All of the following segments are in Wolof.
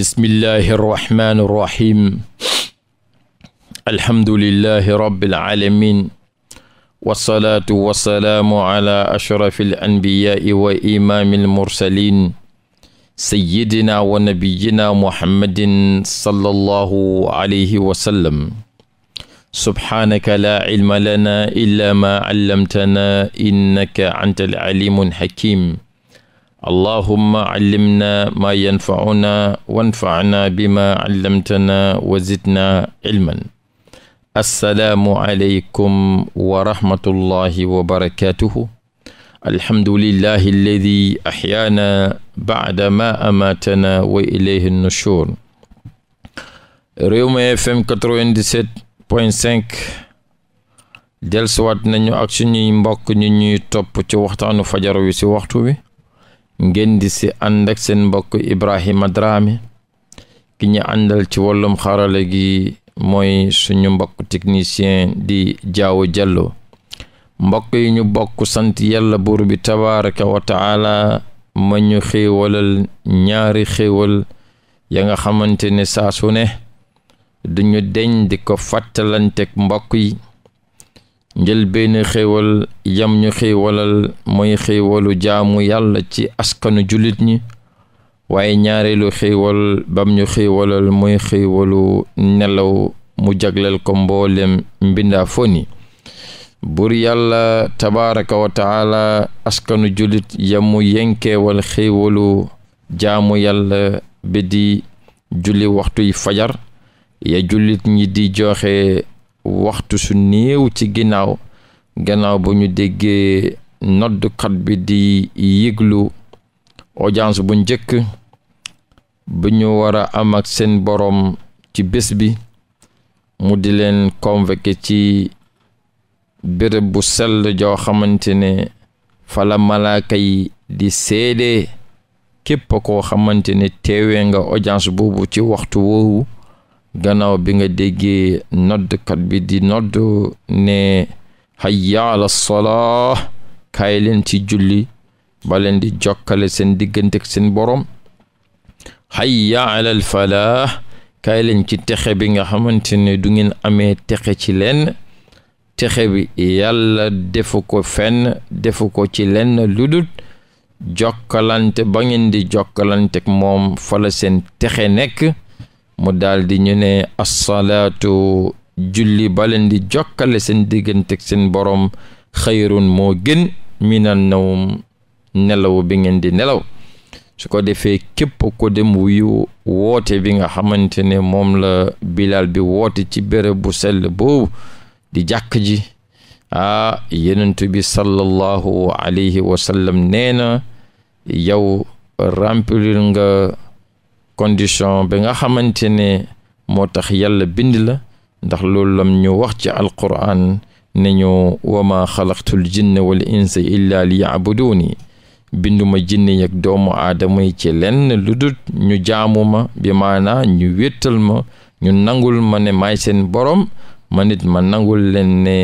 bismillahi arrahmani irrahim alhamdulillahi rabbil alamin wasalaatu wasalaamu ala ashrafi al anbiyaai wa imaami almursalin sayidina wa nabiyina muhammadin sallallahu alayhi wa sallam subhaanaka laa cilma lana illa ma callamtana innaka anta alcalimu alxakim allahumma callimna maa yanfacunaa wanfacnaa bimaa callamtanaa wa zidnaa cilman assalaamu aleykum wa rahmatullahi wa barakaatuhu alhamdulillahi alladi axyaanaa bacda maa amaatanaa wa ilayhi nushuur Rewmi FM 97 point 5 dellusiwaat nañu ak suñuy mbokk ñu ñuy topp ci waxtaanu fajar wi ci waxtu wi ngeen di si ànd seen mbokk Ibrahima Drame ki ñu àndal ci wàllum xarala gi mooy suñu mbokk technicien di jaaw jallo mbokk yi ñu bokk sant yàlla buur bi tabaraka wa taala ma ñu xéewalal ñaari xéewal ya nga xamante ne saa su ne duñu deñ di ko fàttalanteeg mbokk yi njël benn xéewal yam ñu xéewalal mooy xéewalu jaamu yàlla ci askanu jullit ñi waaye ñaareelu xéewal bam ñu xéewalal mooy xéewalu nelaw mu jagleel ko mboolem mbindaa foni buur yàlla tabaaraka wa taala askanu jullit yamu yenkeewal xéewalu jaamu yàlla bi di julli waxtuy fajar ya jullit ñi di joxe waxtu su néew ci ginnaaw gannaaw bu ñu déggee noddukat bi di yëglu audience bu njëkk bu ñu war a am ak seen boroom ci bés bi mu di leen convoqué ci béréb bu sell joo xamante ne fala malaaka yi di seede képp koo xamante ne teewee nga audience boobu ci waxtu woowu gannaaw bi nga déggee noddkat bi di nodd ne hayya ala salaa kaay ci julli ba leen di jokkale seen diggante ak seen borom hayya ala al kaay leen ci texe bi nga xamante ne du ngeen amee texe ci leen texe bi yàlla defu ko fenn defu ko ci lenn lu dul jokkalante ba ngeen di jokkalante ak moom fala seen texe nekk mu daldi ñu ne assalaatu julli baleen di jokkale seen digganteg seen borom xayrun moo gën minan nawm nelaw bi ngeen di nelaw su ko defee képp ko dem wuyu woote bi nga xamante ne moom la bilal bi woote ci bérëb bu sell boobu di jàkk ji ah yenentu bi sallallahu alayhi wa sallam nee na yow remplir nga condition bi nga xamante ne moo tax yàlla bind la ndax loolu lam ñu wax ci alquran ne ñu wama xalaqtul jinna wal insa illa li yaabuduuni binduma jinne yeg doomu aadama ci lenn lu dut ñu jaamu ma bi maanaa ñu wéttal ma ñu nangul ma ne maay seen borom ma nit ma nangul leen ne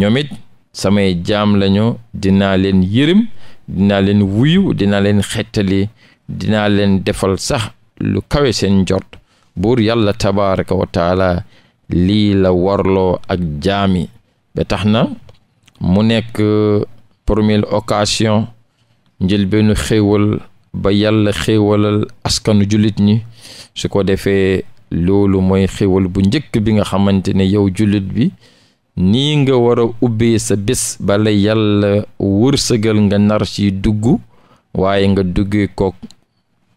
ñoom it samay jaam lañu dinaa leen yërëm dinaa leen wuyu dina leen xettali dinaa leen defal sax lu kawe seen jot buur yàlla tabaraka wa lii la warloo ak jaami ba tax na mu nekk euh, première occasion njël ba yàlla xéewalal askanu jullit ni su ko defee loolu mooy xéewal bu njëkk bi nga xamante ne yow jullit bi nii nga wara ubbi sa bés bala yàlla wërsëgal nga nar ci dugg waaye nga duggee kook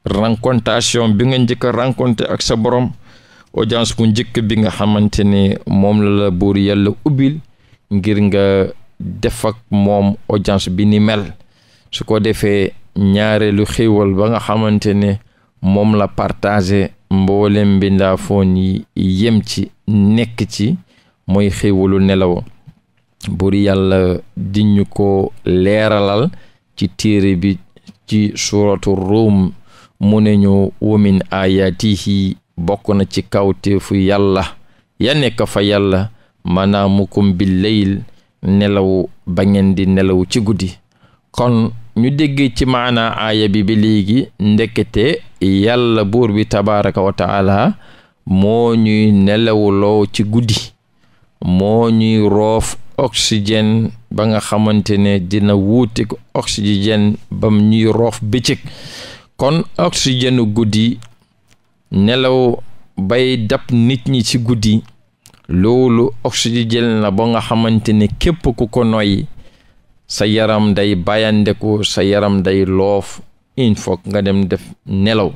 rencontation bi nga njëkk a ak sa borom audience bu njëkk bi nga xamante ne moom la la buur yàlla ubbil ngir nga def ak moom audience bi ni mel su ko defee ñaareelu xéewal ba nga xamante ne moom la partagé mboolem mbindaafoon yi yem ci nekk ci mooy xéewalu nelaw buur yàlla diñu ko leeralal ci téere bi ci suuratu Ruum mu ne ñu wamin ayatihi bokk na ci kawteefu yàlla ya nekk fa yàlla manaamukum bil leyl nelaw ba ngeen di nelaw ci guddi kon ñu dégg ci maanaa aaya bi ba léegi ndekete yàlla buur bi tabaraka wa taala moo ñuy nelawloo ci guddi moo ñuy roof oxygène ba nga xamante ne dina wuutek oxygène bam ñuy roof bëccëg kon oxygène guddi nelaw bay dab nit ñi ci guddi loolu oxygène la ba nga xamante ne képp ku ko noy sa yaram day bàyyandeku sa yaram day loof in foog nga dem def nelaw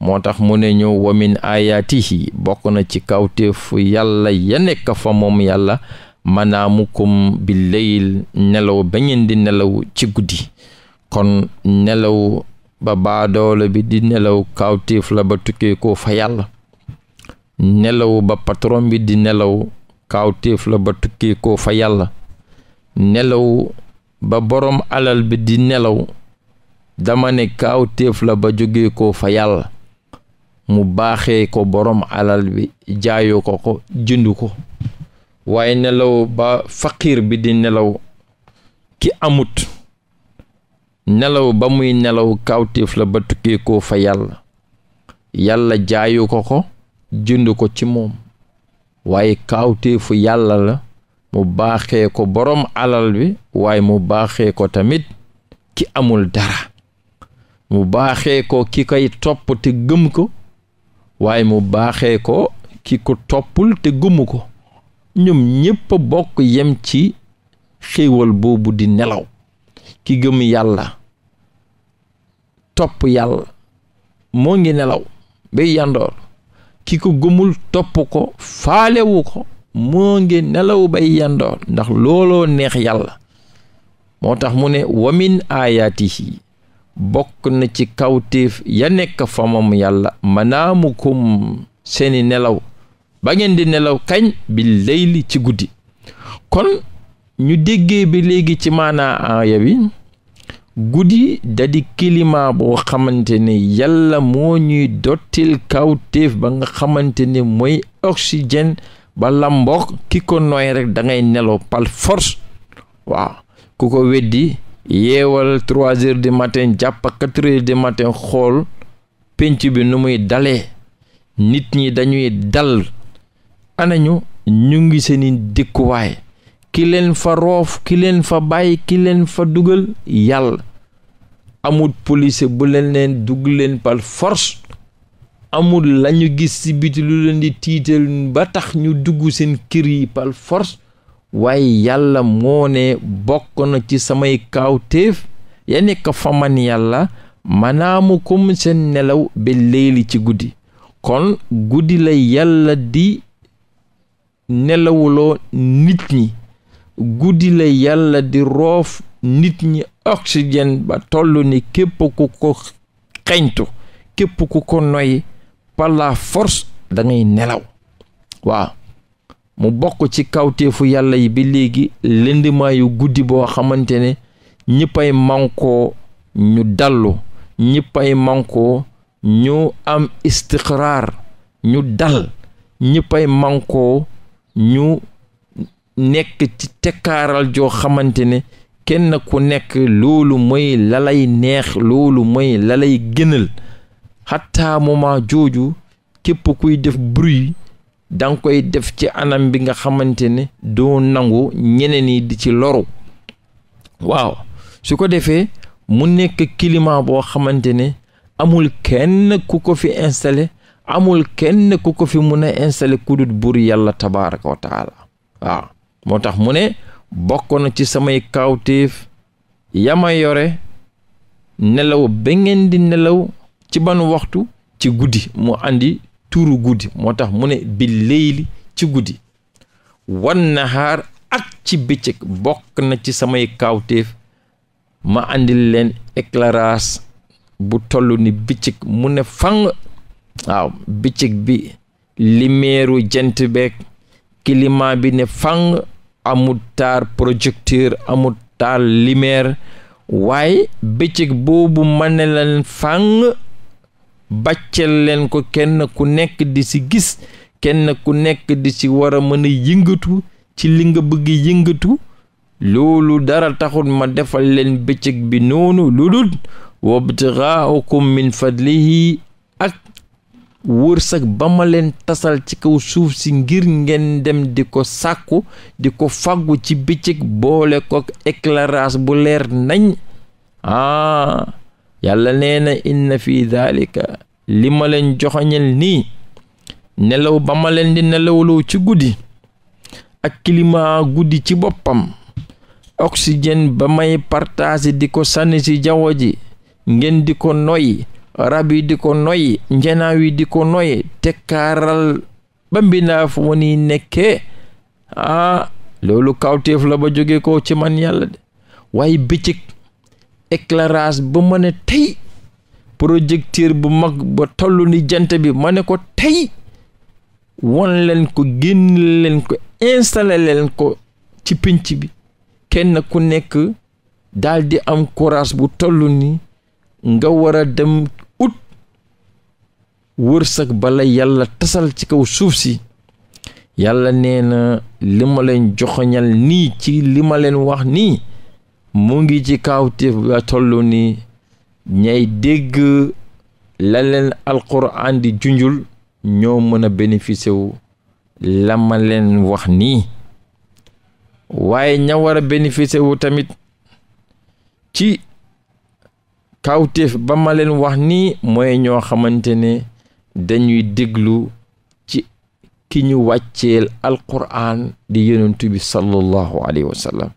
moo tax mu ne ñu wamin ayatihi bokk na ci kawteefu yàlla ya nekk fa moom yàlla manaamukum bi leyl nelaw ba ngeen di nelaw ci guddi kon nelaw ba baadoolo bi di nelaw kawtiif la ba tukkee ko fa yàlla nelaw ba patron bi di nelaw kawtiif la ba tukkee ko fa yàlla nelaw ba boroom alal bi di nelaw dama ne kawtéef la ba jóge ko fa yàlla mu baaxee ko boroom alal bi jaayoo ko ko jëndu ko waaye nelaw ba faqiir bi di nelaw ki amut nelaw ba muy nelaw kawtéef la ba tukkeekoo fa yàlla yàlla jaayu ko ko jënd ko ci moom waaye kawtéefu yàlla la mu baaxee ko boroom alal bi waaye mu baaxee ko tamit ki amul dara mu baaxee ko ki koy topp te gëm ko waaye mu baaxee ko ki ko toppul te gëmu ko ñoom ñépp a bokk yem ci xéewal boobu di nelaw ki gëm yàlla topp yàlla moo ngi nelaw bay yandoor ki ko gëmul topp ko faalewu ko moo ngi nelaw bay yandoor ndax looloo neex yàlla moo tax mu ne wamin aayaatihi bokk na ci kawtéef ya nekk fa yàlla yàlla manaamukum seeni nelaw ba ngeen di nelaw kañ bi layli ci guddi ñu déggee bi léegi ci maanaa aaya bi guddi dadi kilima boo xamante ni yàlla moo ñuy dottil kawtéef ba nga xamante ni mooy oxygène ba lambok ki ko nooy rek da ngay nelaw par force waaw ku ko weddi yeewal trois heures de matin jàpp quatre heures du matin xool pénc bi nu muy dalee nit ñi dañuy dal anañu ñu ngi seeni dëkkuwaay ki leen fa roof ki leen fa bàyyi ki leen fa dugal yàlla amul police bu leen dugg leen par force amul lañu gis ci biti lu leen di tiital ba tax ñu dugg seen kër yi par force waaye yàlla moo ne bokk na ci samay kaawteef ya nekk fa man yàlla manaamu kom seen nelaw ba léeli ci guddi kon guddi la yàlla di nelawuloo nit ñi guddi la yàlla di roof nit ñi oxygène ba toll ni képp ku ko xeñtu képp ku ko noy par la force nelaw waaw mu bokk ci kawteefu yàlla bi léegi lëndimaayu guddi boo xamante ne ñëppay mànkoo ñu dallu ñëppay mànkoo ñu am istiqraar ñu dal ñëppay mànkoo ñu nekk ci tekkaaral joo xamante ne kenn ku nekk loolu mooy lalay neex loolu mooy lalay gënal xataa moment jooju képp kuy def bruit danga koy def ci anam bi nga xamante ne doo nangu ñeneen yi di ci loru waaw su ko defee mu nekk climat boo xamante ne amul kenn ku ko fi installé amul kenn ku ko fi mun a installé ku buur yàlla tabaaraka wa taala waaw moo tax mu ne bokkoon na ci samay kawtéef yama yore nelaw ba ngeen di nelaw ci ban waxtu ci guddi mu indi tuuru guddi moo tax mu ne bi leyli ci guddi wan nahaar ak ci bëccëg bokk na ci samay kawtéef ma indi leen éclairage bu toll ni bëccëg mu ne fang waaw bëccëg bi limeeru jant beeg climat bi ne fang amul taar projecteur amul taar lumière waaye bëccëg boobu mën na leen fàng bàcceel leen ko kenn ku nekk di si gis kenn ku nekk di si war a mën a yëngatu ci li nga bëgg yëngatu loolu dara taxul ma defal leen bëccëg bi noonu lu dul wabtigaakum min fadlihi wërsëg ba ma leen tasal ci kaw suuf si ngir ngeen dem di ko sàkku di ko fàggu ci bëccëg boole ko éclairage bu leer nañ ah, yàlla nee na inna fi daalika li ma leen joxoñel nii nelaw ba ma leen di nelawloo ci guddi ak climat guddi ci boppam oxygène ba may partager di ko sànni ci jaww ji ngeen di ko noyyi rab yi di ko noy njanaaw yi di ko noyyi tekkaaral ba mbindaaf woni nekkee ah loolu kawteef la ba jóge ko ci man yàlla de waaye bëccëg éclairage ba ma ne tey projecteur bu mag ba tollu ni jant bi ma ne ko tey won leen ko génn leen ko installé leen ko ci pinc bi kenn ku nekk daal di am courage bu tollu ni nga war dem wërsëg bala yàlla tasal ci kaw suuf si yàlla nee na li ma leen joxoñal nii ci li ma leen wax nii mu ngi ci kawtéef ba toll ni ñay dégg la leen alquran di junjul ñoo mën a bénéficié wu la ma leen wax nii waaye ña war a bénéficié wu tamit ci kawtéef ba ma leen wax nii mooy ñoo xamante ne dañuy déglu ci ki ñu wàcceel alquraan di yonentu bi sallallahu alayhi wa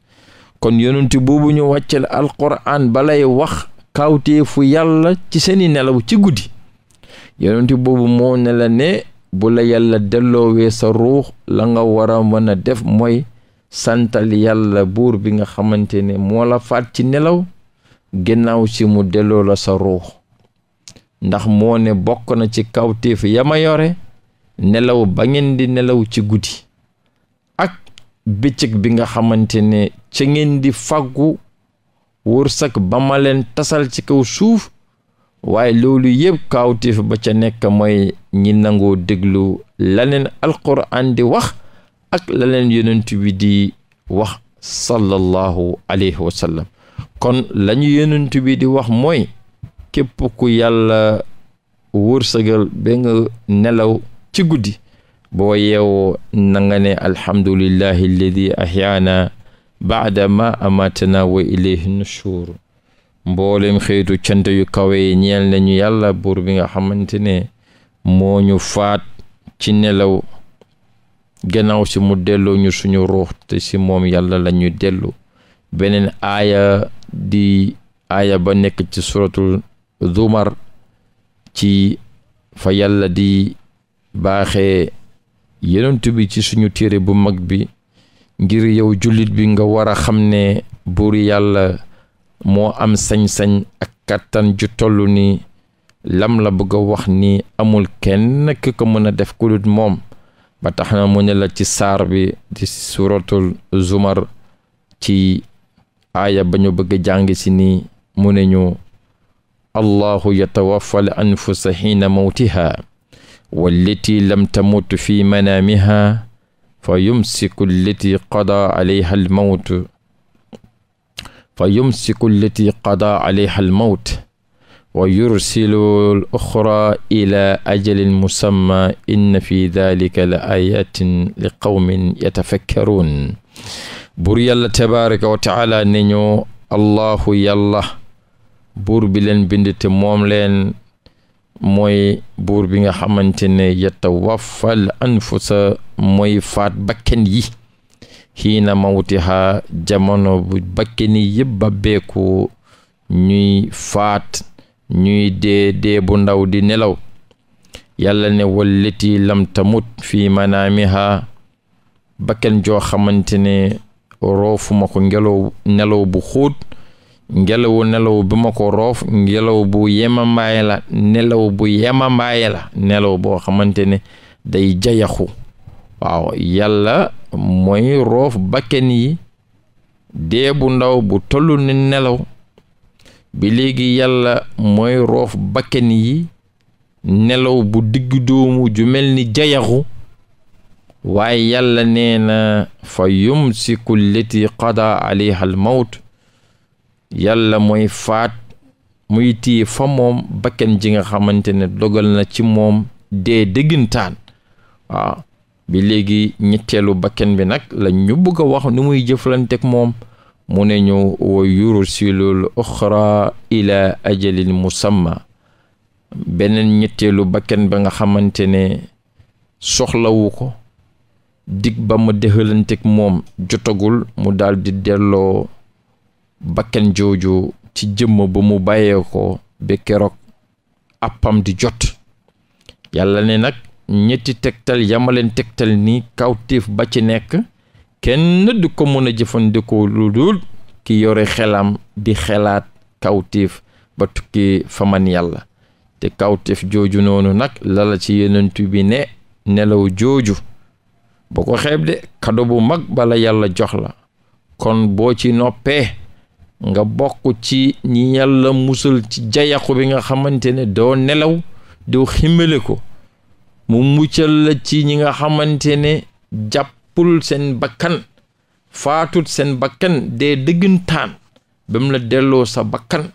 kon yonentu boobu ñu wàcceel alquraan balay wax kawteefu yàlla ci seeni nelaw ci guddi yonentu boobu moo ne la ne bu la yàlla delloowee sa ruux la nga war a mën a def mooy santal yàlla buur bi nga xamante ne moo la faat ci nelaw gannaaw si mu delloo la sa ruux ndax moo ne bokk na ci kawtéef ya ma yore nelaw ba ngeen di nelaw ci guddi ak bëccëg bi nga xamante ne ca ngeen di faggu wërsëg ba ma leen tasal ci kaw suuf waaye loolu yëpp kawtéef ba ca nekk mooy ñi nangoo déglu la leen alquran di wax ak la leen yonent bi di wax sallallahu alayhi wa kon la ñu bi di wax mooy képp ku yàlla wërsëgal ba nga nelaw ci guddi boo yeewoo nanga ne alhamdulillahi alladi ahyaana baadama ma amatana wa ilayhi nushur mboolem xeetu cant yu kawe yi ñeel nañu yàlla buur bi nga xamante ne moo ñu faat ci nelaw gannaaw si mu delloo ñu suñu ruux te si moom yàlla lañu dellu beneen aaya di aaya ba nekk ci suratul zumar ci fa yàlla di baaxe yenentu bi ci suñu téere bu mag bi ngir yow jullit bi nga war a xam ne buur yàlla moo am sañ-sañ ak kàttan ju toll ni lam la bëgg wax ni amul kenn ki ko mën a def kulut moom ba tax na mu ne la ci saar bi di suratul zumar ci aaya ba ñu bëgg jàng si nii mu ne ñu allahu yatawaffa al anfusa xiina mawtiha wallati lam tamut fi manaamiha fa yumsiku allati qada alayha al mawt fa yumsiku allati qada alayha al mawt wa yursilu al uxra ila ajalin musamma inna fi dalika la ayatin li qawmin yatafakkaruun buur yàlla tabaraka wa taala ne ñu allahu yàlla buur bi leen bind moom leen mooy buur bi nga xamante ne yatawaffal anfusa mooy faat bakken yi xiina mawtiha jamono bu bakken yi yëpp ba ñuy faat ñuy dee dee bu ndaw di nelaw yàlla ne wallati lam tamut fi manaamiha bakken joo xamante ne roofuma ko ngelaw nelaw bu xóot ngelaw nelaw bi ma ko roof ngelaw bu yemambaaye la nelaw bu yemambaaye la nelaw boo xamante ne day jayaxu waaw yàlla mooy roof bakken yi dee ndaw bu tollu ni nelaw bi léegi yàlla mooy roof bakken yi nelaw bu digg doomu ju mel ni jayaxu waaye yàlla nee na fa yumsiku lleti qada aleyha mawt yàlla mooy faat muy tii fa moom bakken ji nga xamante ne dogal na ci moom dee dëggantaan waaw bi léegi ñetteelu bakken bi nag la ñu a wax ni muy jëflanteeg moom mu ne ñu wa yursilul oxra ila ajalin musamma beneen ñetteelu bakken bi nga xamante ne soxlawu ko dig ba ma dëxalanteeg moom jotagul mu daldi di delloo bakkan jooju ci jëmm ba mu bàyyee ko bi keroog appam di jot yàlla ne nag ñetti tegtal yamaleen tegtal ni kawtéef ba ci nekk kenn du ko mën a jëfandikoo lu dul ki yore xelam di xelaat kawtéef ba tukki faman yàlla te kawtéef jooju noonu nag lala ci yenentu bi ne nelaw jooju boo ko xeeb de kado bu mag bala yàlla jox la kon boo ci noppee nga bokk ci ñi yàlla musal ci jayaxu bi nga xamante ne doo nelaw doo ximmale ko mu muccal la ci ñi nga xamante ne jàppul seen bakkan faatut seen bakkan dee dëggantaan ba la delloo sa bakkan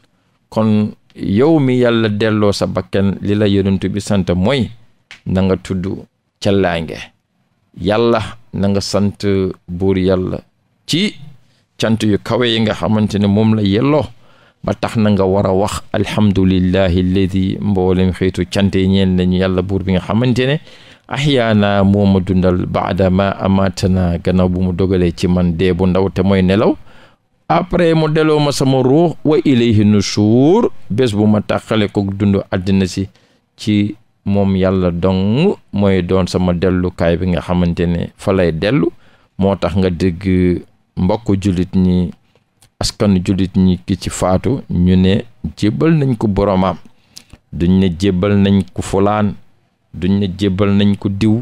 kon yow mi yàlla delloo sa bakkan li la yonent bi sant mooy nanga tudd callaange yàlla nanga sant buur yàlla ci cant yu kawe yi nga xamante ne moom la yelloo ba tax na nga war a wax alhamdulillahi alladi mboolem xeetu cant yi ñeen nañu yàlla buur bi nga xamante ne ahyaana moo ma dundal baada ma amaatana gannaaw bu mu dogalee ci man dee bu ndaw te mooy nelaw après mu deloo ma sama ruux wa ilayhi nusuur bés bu ma xale ko dund àddina si ci moom yàlla dong mooy doon sama dellukaay bi nga xamante ne fa lay dellu moo tax nga dégg mbokk jullit ñi askanu jullit ñi ki ci faatu ñu ne jébbal nañ ko boroomam duñ ne jébbal nañ ko fulaan duñ ne jébbal nañ ko diw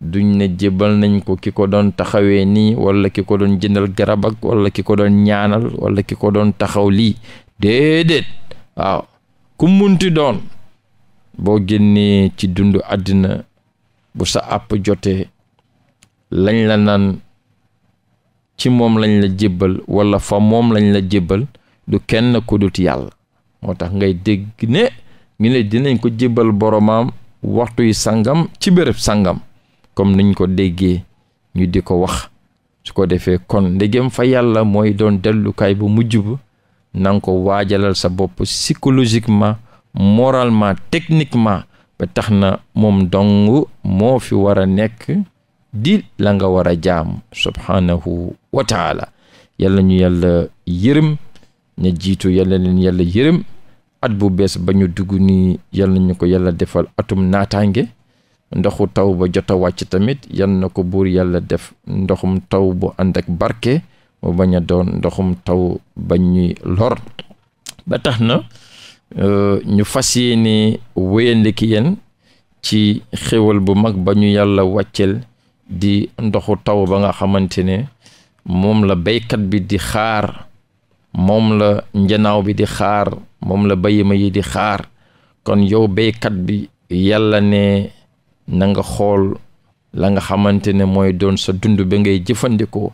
duñ ne jébbal nañ ko ki ko doon taxawee nii wala ki ko doon jëndal garab ak wala ki ko doon ñaanal wala ki ko doon taxaw lii déedéet waaw ku doon boo génnee ci dundu àddina bu sa àpp jotee lañ la naan ci moom lañ la jébbal wala fa moom lañ la jébbal du kenn ku dut yàlla moo tax ngay dégg ne ñu ne dinañ ko jébbal boroomam waxtu yi sangam ci béréb sangam comme niñ ko déggee ñu di ko wax su ko defee kon ndegem fa yàlla mooy doon dellukaay bu mujj bu nang ko waajalal sa bopp psychologiquement moralement techniquement ba tax na moom dong moo fi war a nekk di la nga war a jaam wa taala yàlla ñu yàlla yërëm ña jiitu yàlla leen yàlla yërëm at bu bees ba ñu dugg ni yàlla ñu ko yàlla defal atum naataange ndoxu taw ba jot a wàcc tamit yal na ko buur yàlla def ndoxum taw bu ànd ak barke mu bañ doon ndoxum taw bañ ñu lor ba tax na euh, ñu fas yéene wéyandiki yéen ci xéwal bu mag ba ñu yàlla wàccel di ndoxu taw ba nga xamante ne moom la béykat bi di xaar moom la njanaaw bi di xaar moom la bayima yi di xaar kon yow béykat bi yàlla ne na nga xool la nga xamante ne mooy doon sa dund bi ngay jëfandikoo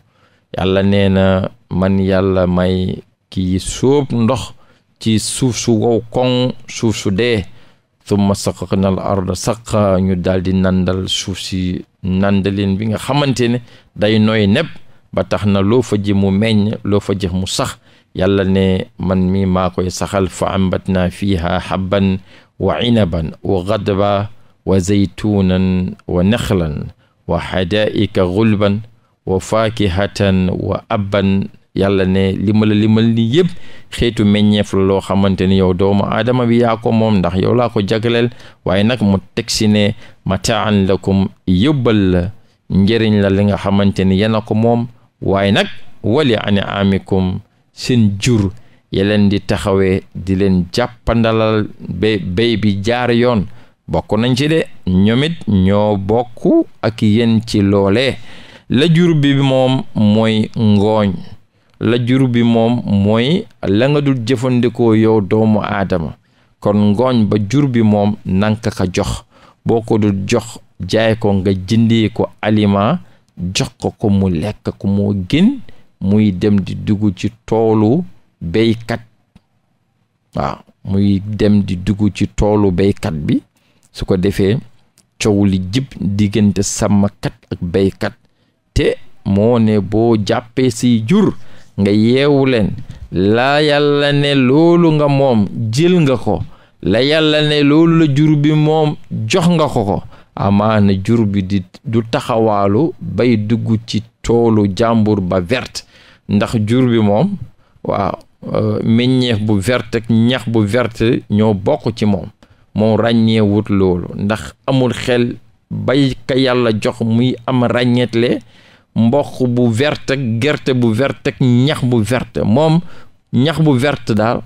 yàlla nee na man yàlla may kii sóob ndox ci suuf su wow koŋ suuf su dee thumma saqaqna al arda saqa ñu daldi di nandal suuf si nandaleen bi nga xamante ne day nooy népp ba tax na loo fa ji mu meññ loo fa jëf mu sax yàlla ne man mi maa koy saxal fa ambat naa fiiha habban wa inaban wa gadba wa zaytuunan wa naxlan wa xadaa'ika gulban wa faakihatan wa abban yàlla ne limal limal ni yëpp xeetu meññeef la loo xamante ni yow doomu aadama bi yaa moom ndax yow laa ko jagleel waaye nag mu teg si ne mataan lakum yóbbal la njëriñ la li nga xamante ni yéen a moom waaye nag wali ani amikum seen jur yi leen di taxawee di leen jàppandalal ba bi jaar yoon bokk nañ ci de ñoom it ñoo bokk ak yéen ci loole la jur bi moom mooy ngooñ la jur bi moom mooy la nga dul jëfandikoo yow doomu aadama kon ngooñ ba jur bi moom nanka ka jox boo ko dul jox jaay ko nga jindi ko aliment jox ko ko mu lekk ko moo gën muy dem di dugg ci toolu béykat waaw muy dem di dugg ci toolu béykat bi su ko defee coow li jib diggante sàmmkat ak beykat te moo ne boo jàppee si jur nga yeewu leen la yàlla ne loolu nga moom jël nga ko la yàlla ne loolu la jur bi moom jox nga ko ko na jur bi di du taxawaalu bay dugg ci toolu jàmbur ba vert ndax jur bi moom waaw euh, meññeef bu verte ñax bu verte ñoo bokk ci moom moom ràññee wut loolu ndax amul xel bay ka yàlla jox muy am ràññeetle mboq bu verte gerte bu verte ak ñax bu verte moom ñax bu verte daal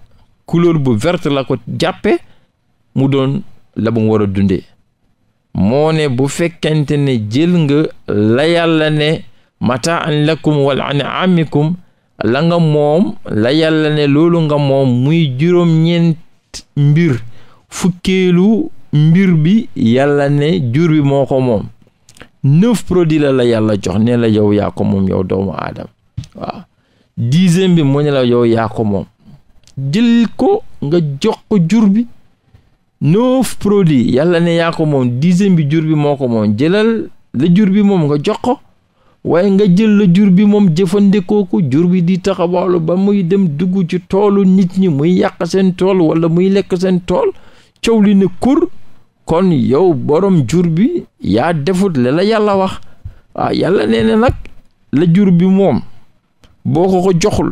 couleur bu verte la ko jàppe mu doon la mu war a dundee moo ne bu fekkente ne jël nga la yàlla ne mata an lakum wala an amikum la nga moom la yàlla ne loolu nga moom muy juróom-ñeent mbir fukkeelu mbir bi yàlla ne jur bi moo ko moom neuf produits la la yàlla jox ne la yow yaa ko moom yow doomu aadama waaw dixième bi moo ne la yow yaa ko moom jël ko nga jox ko jur bi neuf produits yàlla ne yaa ko moom dixième bi jur bi moo ko moom jëlal la jur bi moom nga jox ko waaye nga jël la jur bi moom jëfandikoo ko jur bi di taxawaalu ba muy dem dugg ci toolu nit ñi muy yàq seen tool wala muy lekk seen tool coow li ne kur kon yow borom jur bi yaa defut la la yàlla wax waaw ah, yàlla nee na nag la jur bi moom boo ko ko joxul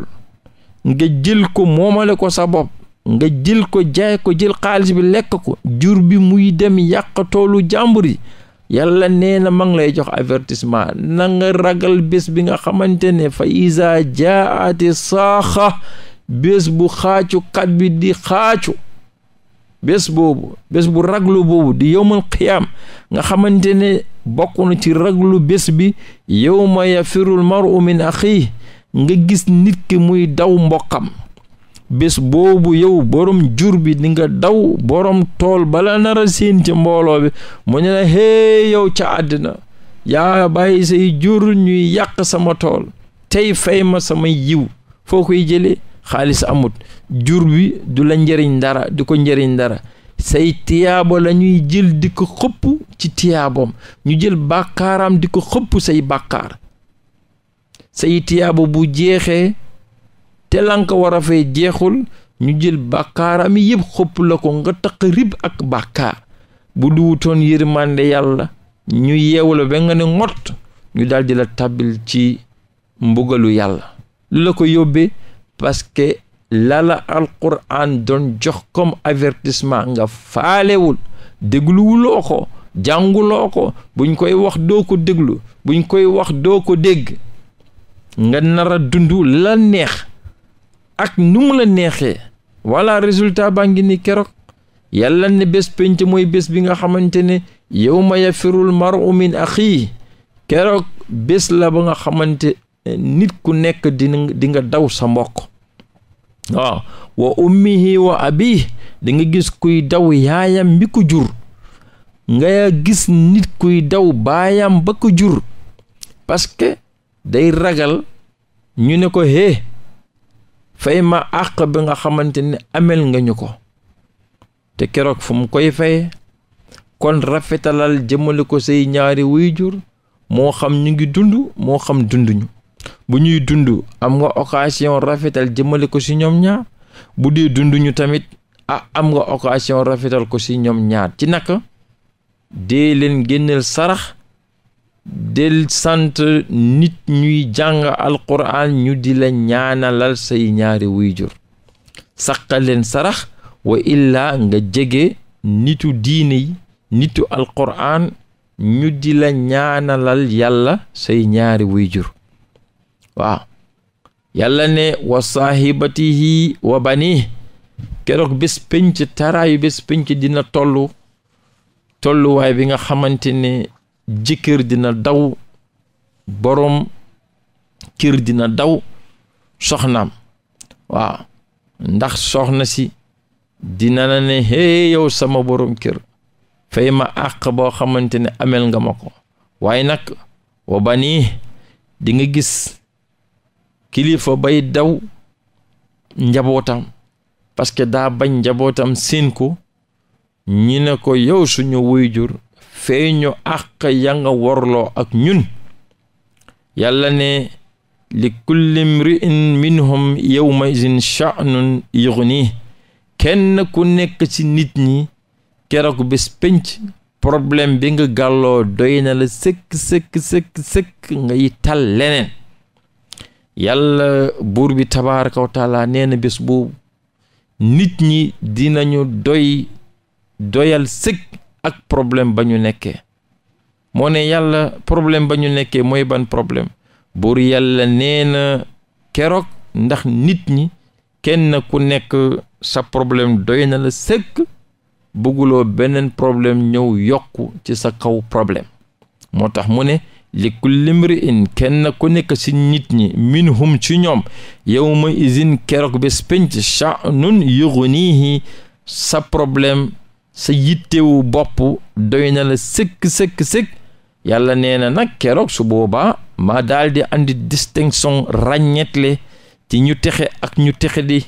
nga jël ko moomale ko sa bopp nga jël ko jaay ko jël xaalis bi lekk ko jur bi muy dem yàq toolu jàmbur yi yàlla nee na ma lay jox avertissement na nga ragal bés bi nga xamante ne fa isa jaati saaxa bés bu xaacukat bi di xaacu bés boobu bés bu raglu boobu di yowmal qiyaam nga xamante ne bokk na ci raglu bés bi yowma yafirul mar'u min axiih nga gis nit ki muy daw mboqam bés boobu yow borom jur bi dinga daw borom tool bala nara a siin ci mbooloo bi mu ne la hee yow ca àddina yaa bàyyi say jur ñuy yàq sama tool tey fay ma sama yiw foo koy jëlee xaalis amut jur bi du la njariñ dara di ko njariñ dara say tiyaabo la ñuy jël di ko xëpp ci tiyaaboom ñu jël bàkkaaram di ko xëpp say bàkkaar say tiyaabo bu jeexee te la nga war a fay jeexul ñu jël bàkkaaram yëpp xëpp la ko nga taq rib ak bàkkaar bu duwutoon yërmande yàlla ñu yeewu la ba nga ne ŋott ñu daal di la tàbbil ci mbugalu yàlla lu la ko yóbbee parce que lala alquran doon jox comme avertissement nga faalewul dégluwuloo ko jànguloo ko buñ koy wax doo ko déglu buñ koy wax doo ko dégg nga nara a dund la neex ak nu mu la neexee voilà résultat baa ngi ni keroog yàlla ne bés penc mooy bés bi nga xamante ne yow yawma firul mar'u min axii keroog bés la ba nga xamante nit ku nekk di nga daw sa mbokk waaw wa ummihi wa abi di nga gis kuy daw yaayam bi ko jur nga gis nit kuy daw baayam ba ko jur parce que day ragal ñu ne ko hé fay ma àq bi nga xamante ne ameel nga ñu ko te keroog fu mu koy fay kon rafetalal jëmale ko say ñaari waajur moo xam ñu ngi dund moo xam dunduñu bu ñuy dund am nga occasion rafetal jëmale ko si ñoom ñaar bu dee dunduñu tamit ah am nga occasion rafetal ko si ñoom ñaar ci naka dee leen génneel sarax del sant nit ñuy jàng alquran ñu dila ñaanalal sey ñaari wuyjur saqal sarax wa illa nga jege nitu diine nitu alquran ñu di la ñaanalal yàlla say ñaari wuyjur waaw yàlla ne wa saahibatihi wa bani keroog bés pénc taraayu bés pénc dina tollu tolluwaay bi nga xamante jikkër dina daw boroom kër dina daw soxnaam waaw ndax soxna si dina la ne hey yow sama boroom kër fay ma àq boo xamante ne ameel nga ma ko waaye nag wa banii di nga gis kilifa bay daw njabootam parce que daa bañ njabootam seen ko ñi ne ko yow suñu wuyjur feeñu ak ya nga ak ñun yàlla ne li kulli mri'in minhum yawma izin sha'nun yughni kenn ku nekk ci nit ñi keroog bés pénc problème bi nga gàlloo doy na la sëkk sëkk sëkk sëkk ngay tal leneen yàlla buur bi tabaaraka wa taala bés boobu nit ñi dinañu doy doyal sëkk ak problème ba ñu nekkee moo ne yàlla problème ba ñu nekkee mooy ban problème buur yàlla nee na keroog ndax nit ñi kenn ku nekk sa problème doy na la sëkk bëgguloo beneen problème ñëw yokku ci sa kaw problème moo tax mu ne li kulli mri'in kenn ku nekk ci nit ñi minhum ci ñoom yawma izin keroog bés penc sha'nun yughnihi sa problème sa yittewu bopp doy na la sëkk sëkk sëkk yàlla nee na nag keroog su boobaa ma daal di andi distinction ràññetle ci ñu texe ak ñu texe di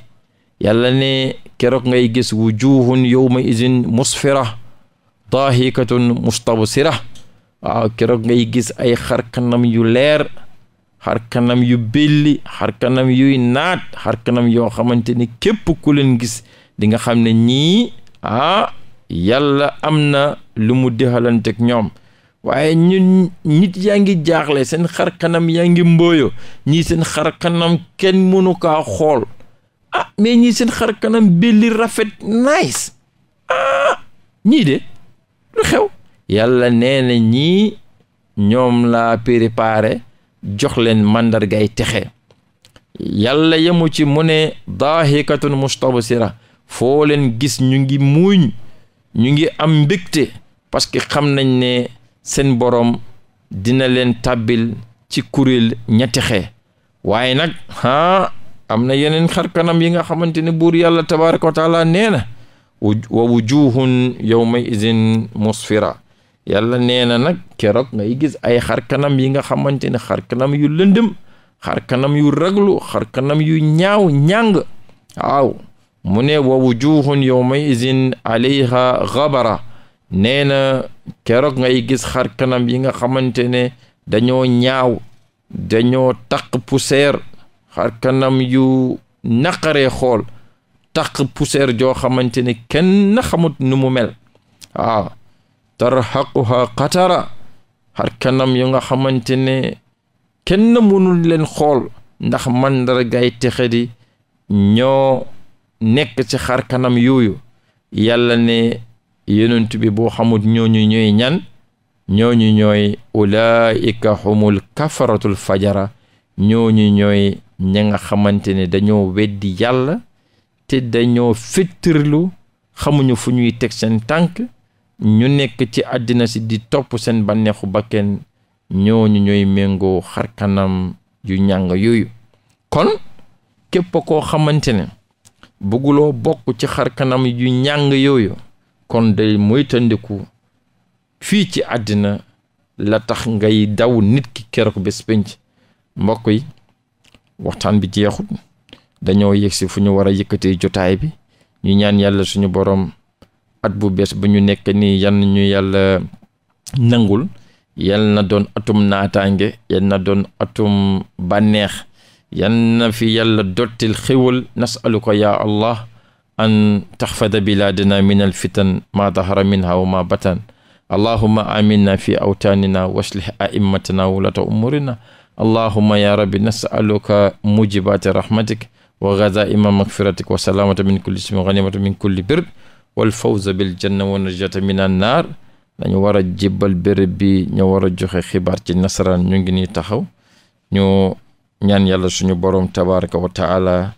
yàlla ne keroog ngay gis wujuhun yawma izin musfira daahikatun mustabsira waaw keroog ngay gis ay xarkanam yu leer xarkanam yu belli xarkanam yuy naat xarkanam yoo xamante ni képp ku leen gis di xam ne ñii ah yàlla am na lu mu dexalanteeg ñoom waaye ñun nit yaa ngi jaaxle seen xarkanam yaa ngi mbooyo ñii seen xar kenn mënu kaa xool ah mais ñii seen xarkanam kanam belli rafet nice ah ñii de lu xew yàlla nee na ñii ñoom laa préparé jox leen màndargay texe yàlla yamu ci mu ne daahikatun mustabsira foo leen gis ñu ngi muñ ñu ngi am mbégte parce que xam nañ ne seen borom dina leen tàbbil ci kuréel ñetti xee waaye nag ah am na yeneen xarkanam yi nga xamante ne buur yàlla tabaraka wa taala nee na wa wujuhun yawma izin musfira yàlla nee na nag keroog ngay gis ay xar kanam yi nga xamante ne xar yu lëndëm xarkanam yu raglu xar yu ñaaw ñàng aw mu ne wa wujuhun yawma may alayha ghabara nee na keroog ngay gis xar kanam yi nga xamante ne dañoo ñaaw dañoo taq poussière xar kanam yu naqaree xool taq poussière joo xamante ne kenn xamut nu mu mel waaw tarhaquha qatara xar kanam yu nga xamante ne kenn mënul leen xool ndax mandargay texe di ñoo nekk ci xar kanam yooyu yàlla ne yonent bi boo xamut ñu ñooy ñan ñoo ñu ñooy ulaika humul kafaratul fajara ñooñu ñooy ña nga xamante ne dañoo weddi yàlla te dañoo fittirlu xamuñu fu ñuy teg seen tànk ñu nekk ci àddina si di topp seen bànneexu bakken ñooñu ñoy méngoo xarkanam yu ñàng yooyu kon képp koo xamante ne bëgguloo bokk ci xar kanam yu ñàng yooyu kon day moytandiku fii ci àddina la tax ngay daw nit ki keroog bés penc mbokk yi waxtaan bi jeexul dañoo yegsi fu ñu war a yëkkatee jotaay bi ñu ñaan yàlla suñu boroom at bu bees bu ñu nekk nii yan ñu yàlla nangul yal na doon atum naataange yan na doon atum bànneex yan fi yàlla dottil xéwal nasaluka yaa allah an taxfada bilaadana min alfitan maa dahara minha wa ma batan allahuma aminna fi awtaanina waslih aimmatana wulata umurina allahuma ya rabbi nasaluka mujibaati rahmatik wa gazaima magfiratik wa salaamata min kulli ismi ganimata min kulli bir wal fawza bil janna wa najata min an naar dañu war a jébbal béréb bi ñu war a joxe xibaar ci nasaraan ñu ngi nii taxaw ñaan yàlla suñu boroom tabaraka wa taala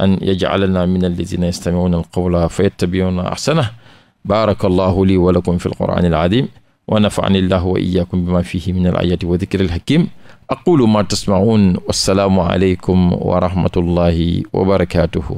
an yajcalana min alladina yastamicuuna alqawla fa yattabicuuna axsana baaraka allahu lii wa lakum fi alqur'ani alcadim wa nafacani allahu wa iyaakum bima fihi min alayati wa dikri alhakim aqulu ma tasmacuun wassalaamu aleykum wa rahmatullahi wa barakatuhu